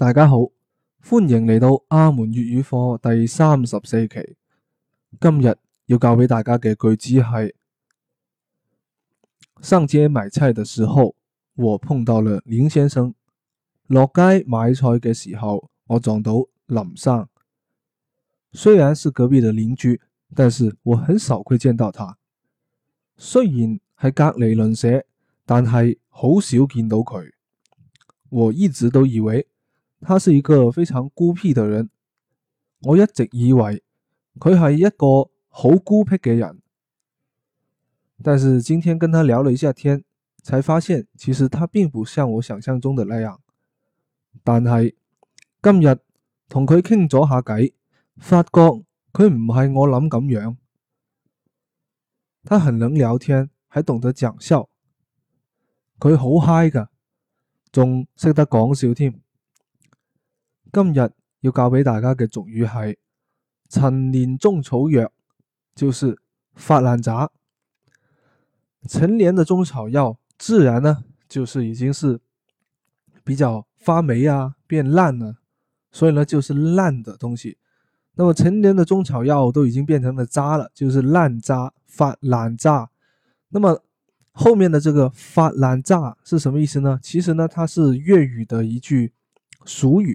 大家好，歡迎嚟到阿門粵語課第三十四期。今日要教俾大家嘅句子係：上街買菜的時候，我碰到了林先生。落街買菜嘅時候，我撞到林生。雖然是隔壁的鄰居，但是我很少會見到他。雖然係隔離鄰舍，但係好少見到佢。我一直都以為，他是一個非常孤僻的人，我一直以為佢係一個好孤僻嘅人，但是今天跟他聊了一下天，才發現其實他並不像我想象中的那樣，但係，今日同佢傾咗下偈，發覺佢唔係我諗咁樣。他很能聊天，還懂得講笑，佢好嗨噶，仲識得講笑添。今日要教俾大家嘅俗語係陳年中草藥，就是發爛渣。陳年的中草藥自然呢，就是已經是比較發霉啊，變爛了，所以呢，就是爛的東西。那麼陳年的中草藥都已經變成了渣了，就是爛渣、發爛渣。那麼後面的這個發爛渣是什麼意思呢？其實呢，它是粵語的一句俗語。